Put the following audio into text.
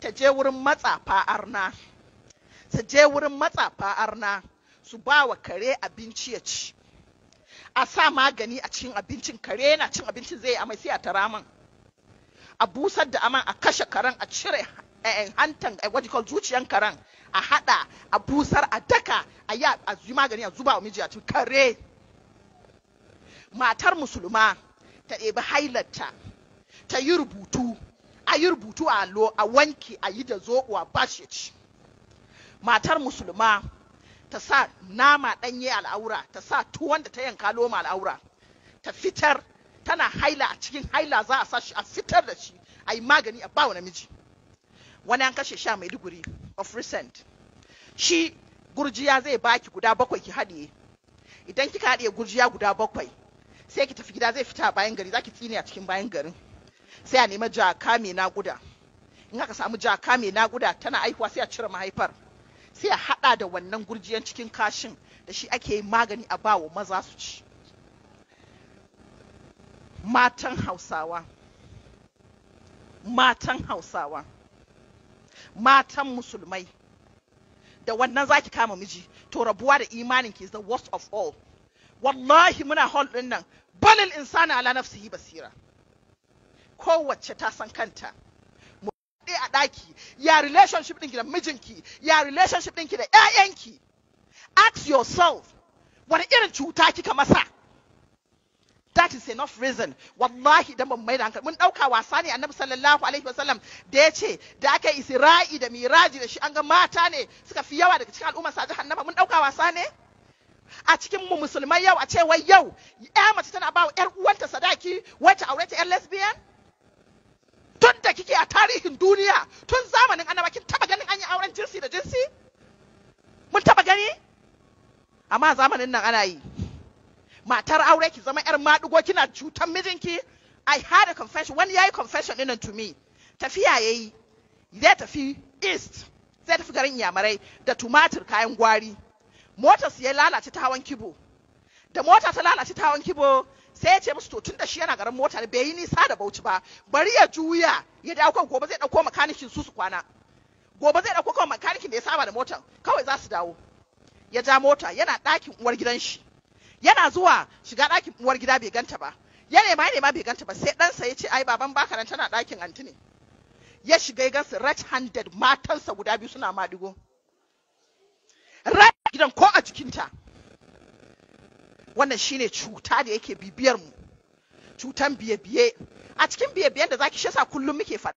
Taje ta je wurin matsafa arna su je wurin matsafa arna su ba wa kare abinci ya ci a sa magani a cikin abincin kare yana cin abincin zai amai sai a tara man a busar da aman a kashe karen a cire eh, hantan a wajen kawai zuciyan karen a hada a busar a daka a yi a yi magani a zuba wa miji a cikin kare matar musulma ta ɗebi hailarta ta yi rubutu a yi rubutu a allo a wanki a yi da zoɓo a bashi ci matar musulma ta sa nama ɗanye al'aura ta sa tuwon da ta yanka loma al'aura ta fitar tana haila a cikin haila za a sa shi a fitar da shi a yi magani a ba wa namiji wani an kashe sha maiduguri of recent shi gurjiya zai baki guda bakwai ki haɗiye idan kika haɗiye gurjiya guda bakwai sai ki tafi gida zai fita a bayan gari za ki tsine a cikin bayan garin sai a nemi jaka mai naƙuda in aka samu jaka mai naƙuda tana aihuwa sai a cire mahaifar sai a haɗa da wannan gurjiyan cikin kashin da shi ake magani a bawa maza su ci matan hausawa matan hausawa matan musulmai da wannan zaki kama miji to rabuwa da imanin ki is the worst of all wallahi muna hall din nan balil insana ala nafsihi basira kowace ta san kanta mu a ɗaki ya relationship ɗinki da mijinki ya relationship ɗinki da ƴaƴanki ask yourself wani irin cuta kika masa that is enough reason wallahi idan bamu mai da hankali mun ɗauka wasa ne annabi sallallahu alaihi wasallam da ya ce da aka yi isra'i da miraji da shi an ga mata ne suka fi yawa daga cikin al'umma sa jahannama mun ɗauka wasa ne a cikin mu musulmai yau a ce wai yau ya mace tana ba wa ƴar uwanta sadaki wacce aure ta ƴar lesbian cikin duniya tun zamanin annaba kin taba ganin an yi auren jinsi da jinsi mun taba gani amma zamanin nan ana yi matar aure ki zama yar madugo kina cutar mijinki i had a confession wani yayi confession din to me tafiya yayi zai tafi east zai tafi garin yamarai da tumatir kayan gwari motar su ya lalace ta hawan kibo da mota ta lalace ta kibo sai ya ce musu to tun da shi yana garin mota bai yi nisa da bauchi ba bari ya juya ya dawo kan gobe zai dauko makanikin su su kwana gobe zai dauko kan makanikin da ya saba da mota kawai za su dawo ya ja mota yana ɗakin uwar gidan shi yana zuwa shiga ɗakin uwar gida bai ganta ba ya nema ya nema bai ganta ba sai ɗansa ya ce ai baban baka nan tana ɗakin anti ne ya shiga ya gansu right handed matansa guda biyu suna maɗigo right gidan ko a jikinta wannan shine cuta da yake bibiyar mu cutan biye-biye a cikin biye-biyen da zaki shasa kullum muke faɗa